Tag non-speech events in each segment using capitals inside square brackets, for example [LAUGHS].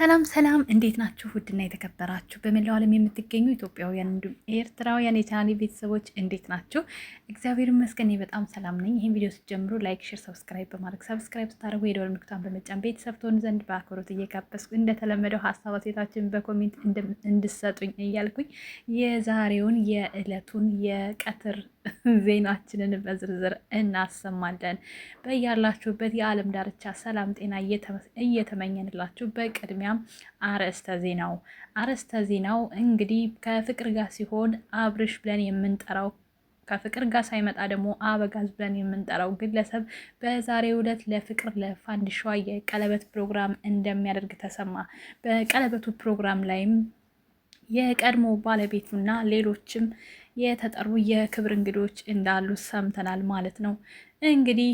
ሰላም ሰላም፣ እንዴት ናችሁ? ውድና የተከበራችሁ በመላው ዓለም የምትገኙ ኢትዮጵያውያን እንዲሁም ኤርትራውያን የቻናሌ ቤተሰቦች እንዴት ናችሁ? እግዚአብሔር ይመስገን በጣም ሰላም ነኝ። ይህን ቪዲዮ ስትጀምሩ ላይክ፣ ሼር፣ ሰብስክራይብ በማድረግ ሰብስክራይብ ስታደርጉ የደወል ምልክቷን በመጫን ቤተሰብ ትሆኑ ዘንድ በአክብሮት እየጋበዝኩ እንደተለመደው ሀሳብ አስተያየታችሁን በኮሜንት እንድሰጡኝ እያልኩኝ የዛሬውን የዕለቱን የቀትር [LAUGHS] ዜናችንን በዝርዝር እናሰማለን። በያላችሁበት የዓለም ዳርቻ ሰላም ጤና እየተመኘንላችሁ በቅድሚያም አርዕስተ ዜናው አርዕስተ ዜናው እንግዲህ ከፍቅር ጋር ሲሆን አብርሽ ብለን የምንጠራው ከፍቅር ጋር ሳይመጣ ደግሞ አበጋዝ ብለን የምንጠራው ግለሰብ በዛሬው ዕለት ለፍቅር ለፋንድሻዋ የቀለበት ፕሮግራም እንደሚያደርግ ተሰማ። በቀለበቱ ፕሮግራም ላይም የቀድሞ ባለቤቱና ሌሎችም የተጠሩ የክብር እንግዶች እንዳሉ ሰምተናል ማለት ነው። እንግዲህ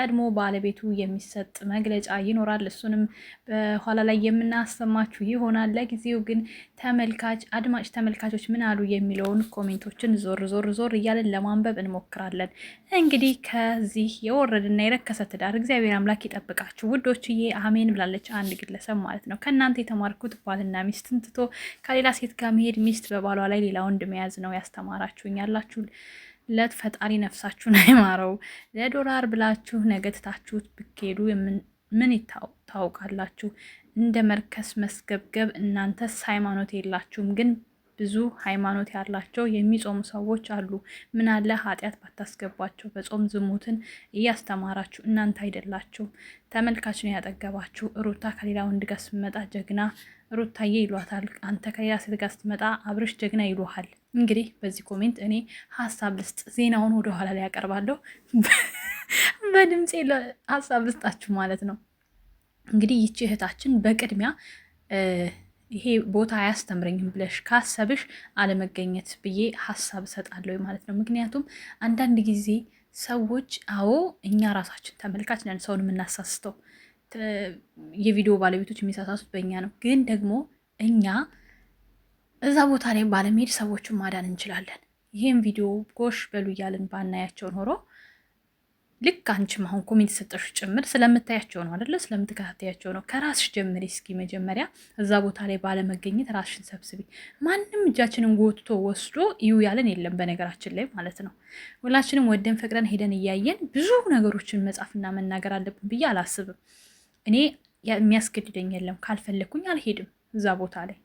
ቀድሞ ባለቤቱ የሚሰጥ መግለጫ ይኖራል። እሱንም በኋላ ላይ የምናሰማችሁ ይሆናል። ለጊዜው ግን ተመልካች አድማጭ ተመልካቾች ምን አሉ የሚለውን ኮሜንቶችን ዞር ዞር ዞር እያለን ለማንበብ እንሞክራለን። እንግዲህ ከዚህ የወረድና የረከሰ ትዳር እግዚአብሔር አምላክ ይጠብቃችሁ ውዶችዬ፣ አሜን ብላለች አንድ ግለሰብ ማለት ነው። ከእናንተ የተማርኩት ባልና ሚስትን ትቶ ከሌላ ሴት ጋር መሄድ፣ ሚስት በባሏ ላይ ሌላ ወንድ መያዝ ነው ያስተማራችሁኝ ያላችሁ ለት ፈጣሪ ነፍሳችሁን አይማረው። ለዶላር ብላችሁ ነገ ትታችሁት ብትሄዱ ምን ታውቃላችሁ? እንደ መርከስ መስገብገብ። እናንተስ ሃይማኖት የላችሁም ግን ብዙ ሃይማኖት ያላቸው የሚጾሙ ሰዎች አሉ። ምን አለ ኃጢአት ባታስገቧቸው፣ በጾም ዝሙትን እያስተማራችሁ እናንተ አይደላችሁ? ተመልካችን ያጠገባችሁ። ሩታ ከሌላ ወንድ ጋር ስትመጣ ጀግና ሩታዬ ይሏታል። አንተ ከሌላ ሴት ጋር ስትመጣ አብርሽ ጀግና ይሉሃል። እንግዲህ በዚህ ኮሜንት እኔ ሀሳብ ልስጥ። ዜናውን ወደኋላ ላይ ያቀርባለሁ [LAUGHS] በድምፄ ሀሳብ ልስጣችሁ ማለት ነው። እንግዲህ ይቺ እህታችን በቅድሚያ ይሄ ቦታ አያስተምረኝም ብለሽ ካሰብሽ አለመገኘት ብዬ ሀሳብ እሰጣለሁ ማለት ነው። ምክንያቱም አንዳንድ ጊዜ ሰዎች አዎ እኛ ራሳችን ተመልካች ነን ሰውን የምናሳስተው የቪዲዮ ባለቤቶች የሚሳሳሱት በእኛ ነው። ግን ደግሞ እኛ እዛ ቦታ ላይ ባለመሄድ ሰዎቹን ማዳን እንችላለን። ይህም ቪዲዮ ጎሽ በሉ እያልን ባናያቸው ኖሮ ልክ አንቺም አሁን ኮሜንት የሰጠሽ ጭምር ስለምታያቸው ነው አደለ? ስለምትከታተያቸው ነው። ከራስሽ ጀምሪ እስኪ መጀመሪያ እዛ ቦታ ላይ ባለመገኘት ራስሽን ሰብስቢ። ማንም እጃችንን ጎትቶ ወስዶ እዩ ያለን የለም በነገራችን ላይ ማለት ነው። ሁላችንም ወደን ፈቅደን ሄደን እያየን ብዙ ነገሮችን መጻፍና መናገር አለብን ብዬ አላስብም። እኔ የሚያስገድደኝ የለም፣ ካልፈለግኩኝ አልሄድም እዛ ቦታ ላይ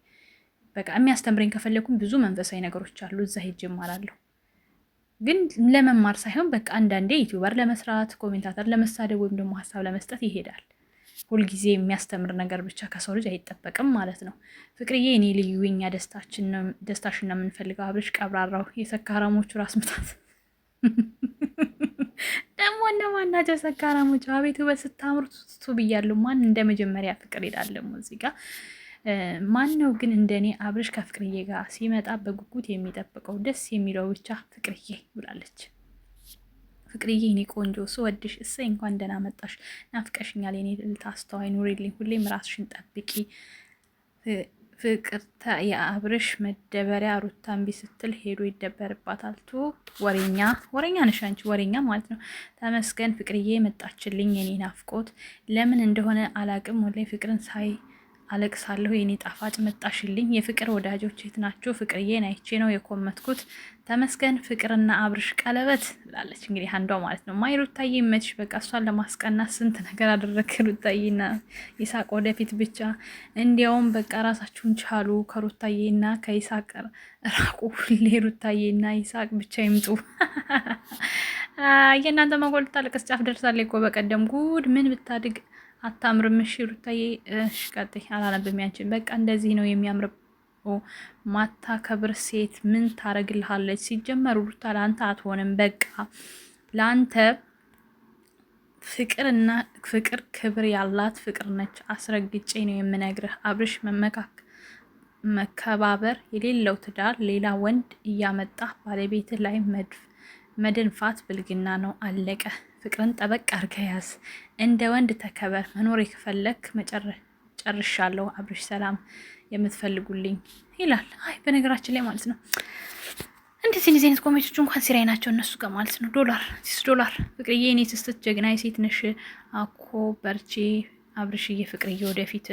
በቃ የሚያስተምረኝ ከፈለግኩኝ ብዙ መንፈሳዊ ነገሮች አሉ እዛ ሄጅ እማራለሁ። ግን ለመማር ሳይሆን በቃ አንዳንዴ ዩቲዩበር ለመስራት ኮሜንታተር ለመሳደብ ወይም ደግሞ ሀሳብ ለመስጠት ይሄዳል። ሁልጊዜ የሚያስተምር ነገር ብቻ ከሰው ልጅ አይጠበቅም ማለት ነው። ፍቅርዬ እኔ ልዩ የኛ ደስታሽን ነው የምንፈልገው። አብረሽ ቀብራራው፣ የሰካራሞቹ ራስ ምታት ደግሞ እነማን ናቸው ሰካራሞቹ? አቤት ውበት ስታምርቱ ብያሉ። ማን እንደ መጀመሪያ ፍቅር ይላል ደግሞ እዚህ ጋር ማን ነው ግን እንደኔ አብርሽ ከፍቅርዬ ጋር ሲመጣ በጉጉት የሚጠብቀው ደስ የሚለው ብቻ ፍቅርዬ ብላለች። ፍቅርዬ እኔ ቆንጆ ስወድሽ፣ እሰይ እንኳን ደህና መጣሽ፣ ናፍቀሽኛል፣ የኔ ልልታ አስተዋይ ኑሪልኝ፣ ሁሌም ራስሽን ጠብቂ። ፍቅርተ የአብርሽ መደበሪያ ሩታ እምቢ ስትል ሄዶ ይደበርባታል። ቱ ወሬኛ ወሬኛ ነሽ አንቺ ወሬኛ ማለት ነው። ተመስገን ፍቅርዬ መጣችልኝ፣ የኔ ናፍቆት ለምን እንደሆነ አላቅም፣ ወላሂ ፍቅርን ሳይ አለቅሳለሁ የኔ ጣፋጭ መጣሽልኝ። የፍቅር ወዳጆች የት ናችሁ? ፍቅርዬን አይቼ ነው የኮመትኩት። ተመስገን ፍቅርና አብርሽ ቀለበት ላለች እንግዲህ አንዷ ማለት ነው ማይ ሩታዬ ይመችሽ። በቃ እሷን ለማስቀናት ስንት ነገር አደረግ ሩታዬና ይሳቅ ወደፊት ብቻ። እንዲያውም በቃ ራሳችሁን ቻሉ፣ ከሩታዬና ከይሳቅ ራቁ። ሁሌ ሩታዬና ይሳቅ ብቻ ይምጡ። [LAUGHS] የእናንተ መጎልታ ልቅስ ጫፍ ደርሳለች እኮ በቀደም ጉድ ምን ብታድግ አታምርም? እሺ ሩታዬ፣ እሺ ቀጥይ። አላነብም ያንችን። በቃ እንደዚህ ነው የሚያምር። ማታ ከብር ሴት ምን ታረግልሃለች? ሲጀመር ሩታ ለአንተ አትሆንም። በቃ ለአንተ ፍቅርና ፍቅር ክብር ያላት ፍቅር ነች። አስረግጬ ነው የምነግርህ። አብርሽ መመካክ መከባበር የሌለው ትዳር ሌላ ወንድ እያመጣ ባለቤት ላይ መድፍ መደንፋት ብልግና ነው። አለቀህ። ፍቅርን ጠበቅ አድርገህ ያዝ። እንደ ወንድ ተከበር። መኖር የፈለክ ጨርሻለሁ። አብርሽ ሰላም የምትፈልጉልኝ ይላል። አይ በነገራችን ላይ ማለት ነው እንደዚህ እንደዚህ አይነት ኮሜንቶች እንኳን ሲራይ ናቸው እነሱ ጋር ማለት ነው። ዶላር ሲስ ዶላር ፍቅርዬ፣ እኔ ስስት ጀግና የሴት ነሽ አኮ በርቺ። አብርሽዬ፣ ፍቅርዬ ወደፊት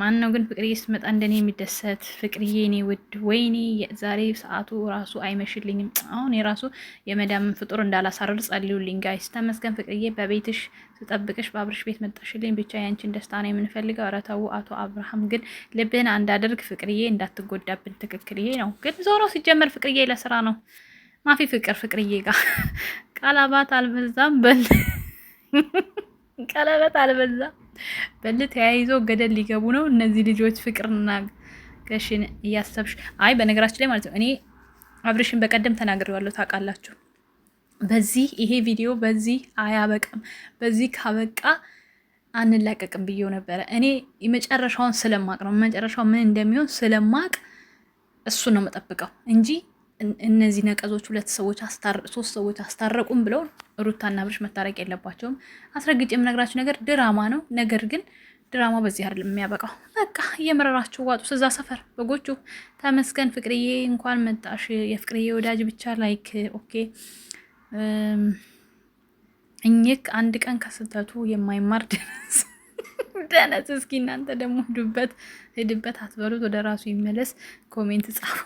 ማን ነው ግን ፍቅርዬ ስትመጣ እንደኔ የሚደሰት? ፍቅርዬ እኔ ውድ፣ ወይኔ ዛሬ ሰዓቱ ራሱ አይመሽልኝም። አሁን የራሱ የመዳምን ፍጡር እንዳላሳርር ጸልዩልኝ ጋይስ። ተመስገን ፍቅርዬ በቤትሽ ስጠብቅሽ በአብርሽ ቤት መጣሽልኝ። ብቻ ያንቺን ደስታ ነው የምንፈልገው። ኧረ ተው አቶ አብርሃም ግን ልብህን አንዳደርግ ፍቅርዬ፣ እንዳትጎዳብን። ትክክል ይሄ ነው ግን ዞሮ ሲጀመር ፍቅርዬ ለስራ ነው ማፊ ፍቅር ፍቅርዬ ጋር ቃላባት አልበዛም በል ቀለበት አልበዛም በል ተያይዞ ገደል ሊገቡ ነው እነዚህ ልጆች። ፍቅርና ገሽን እያሰብሽ አይ፣ በነገራችን ላይ ማለት ነው እኔ አብርሽን በቀደም ተናግሬዋለሁ ታውቃላችሁ። በዚህ ይሄ ቪዲዮ በዚህ አያበቃም፣ በዚህ ካበቃ አንላቀቅም ብዬው ነበረ። እኔ የመጨረሻውን ስለማቅ ነው መጨረሻው ምን እንደሚሆን ስለማቅ እሱ ነው የምጠብቀው እንጂ እነዚህ ነቀዞች ሁለት ሰዎች ሶስት ሰዎች አስታረቁም ብለው ሩታና ብርሽ መታረቅ የለባቸውም። አስረግጬ የምነግራችሁ ነገር ድራማ ነው። ነገር ግን ድራማ በዚህ አይደለም የሚያበቃው። በቃ እየመረራችሁ ዋጡ። ስዛ ሰፈር በጎቹ ተመስገን ፍቅርዬ፣ እንኳን መጣሽ። የፍቅርዬ ወዳጅ ብቻ ላይክ ኦኬ። እኝክ አንድ ቀን ከስተቱ የማይማር ደነስ [LAUGHS] ደነስ። እስኪ እናንተ ደግሞ ሂዱበት ሂድበት አትበሉት። ወደ ራሱ ይመለስ። ኮሜንት ጻፉ።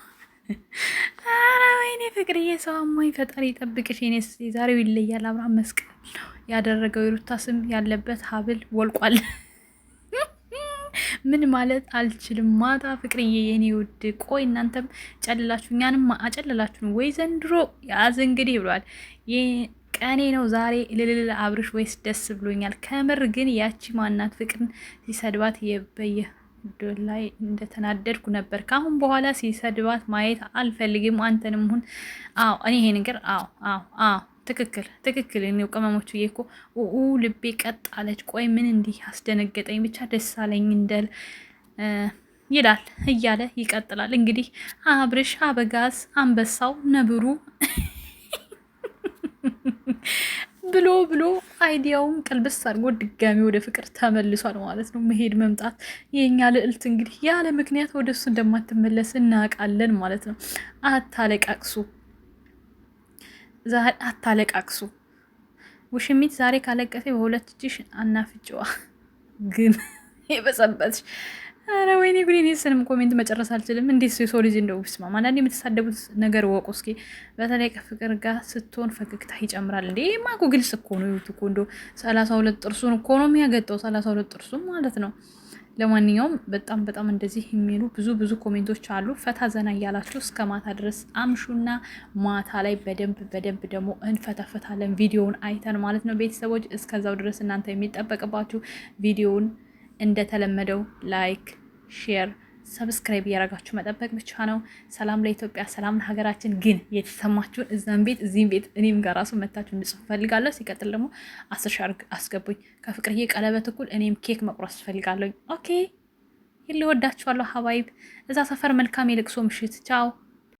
ኧረ ወይኔ ፍቅርዬ፣ ሰው አሞኝ ፈጣሪ ይጠብቅሽ። ኔስ ዛሬው ይለያል። አብርሃም መስቀል ነው ያደረገው። የሩታ ስም ያለበት ሀብል ወልቋል። ምን ማለት አልችልም። ማታ ፍቅርዬ የኔ ውድ፣ ቆይ እናንተም ጨልላችሁ እኛንም አጨልላችሁ ወይ ዘንድሮ ያዝ እንግዲህ ብሏል። ቀኔ ነው ዛሬ ልልል አብርሽ፣ ወይስ ደስ ብሎኛል። ከምር ግን ያቺ ማናት ፍቅርን ሲሰድባት የበየ ላይ እንደተናደድኩ ነበር። ከአሁን በኋላ ሲሰድባት ማየት አልፈልግም። አንተንም ሁን አዎ፣ እኔ ይሄ ነገር አዎ፣ አዎ፣ አዎ ትክክል ትክክል። እኔው ቅመሞቹ እኮ ኡ ልቤ ቀጥ አለች። ቆይ ምን እንዲህ አስደነገጠኝ? ብቻ ደስ አለኝ እንደል ይላል እያለ ይቀጥላል። እንግዲህ አብርሽ አበጋዝ አንበሳው ነብሩ ብሎ ብሎ አይዲያውን ቅልብስ አድርጎ ድጋሚ ወደ ፍቅር ተመልሷል ማለት ነው። መሄድ መምጣት የኛ ልዕልት እንግዲህ ያለ ምክንያት ወደ እሱ እንደማትመለስ እናውቃለን ማለት ነው። አታለቃቅሱ፣ አታለቃቅሱ። ውሽሚት ዛሬ ካለቀሴ በሁለት እጅሽ አናፍጭዋ ግን የበሰበትሽ አረ ወይኔ ጉዴ! እኔ ስንም ኮሜንት መጨረስ አልችልም። እንዴት የሰው ልጅ እንደው ስማ አንዳንድ የምትሳደቡት ነገር ወቁ እስኪ። በተለይ ከፍቅር ጋር ስትሆን ፈገግታ ይጨምራል። እንዴ ይሄማ እኮ ግልጽ እኮ ነው። ይሁት እኮ እንዶ ሰላሳ ሁለት ጥርሱን እኮ ነው የሚያገጠው። ሰላሳ ሁለት ጥርሱን ማለት ነው። ለማንኛውም በጣም በጣም እንደዚህ የሚሉ ብዙ ብዙ ኮሜንቶች አሉ። ፈታ ዘና እያላችሁ እስከ ማታ ድረስ አምሹና ማታ ላይ በደንብ በደንብ ደግሞ እንፈታፈታለን ቪዲዮውን አይተን ማለት ነው ቤተሰቦች። እስከዛው ድረስ እናንተ የሚጠበቅባችሁ ቪዲዮውን እንደተለመደው ላይክ፣ ሼር፣ ሰብስክራይብ እያደረጋችሁ መጠበቅ ብቻ ነው። ሰላም ለኢትዮጵያ፣ ሰላም ለሀገራችን። ግን የተሰማችሁን እዛም ቤት እዚህም ቤት እኔም ጋር ራሱ መታችሁ እንድጽፍ ፈልጋለሁ። ሲቀጥል ደግሞ አስር ሺህ አስገቡኝ። ከፍቅርዬ ቀለበት እኩል እኔም ኬክ መቁረስ ፈልጋለሁ። ኦኬ ወዳችኋለሁ። ሀባይብ። እዛ ሰፈር መልካም የልቅሶ ምሽት። ቻው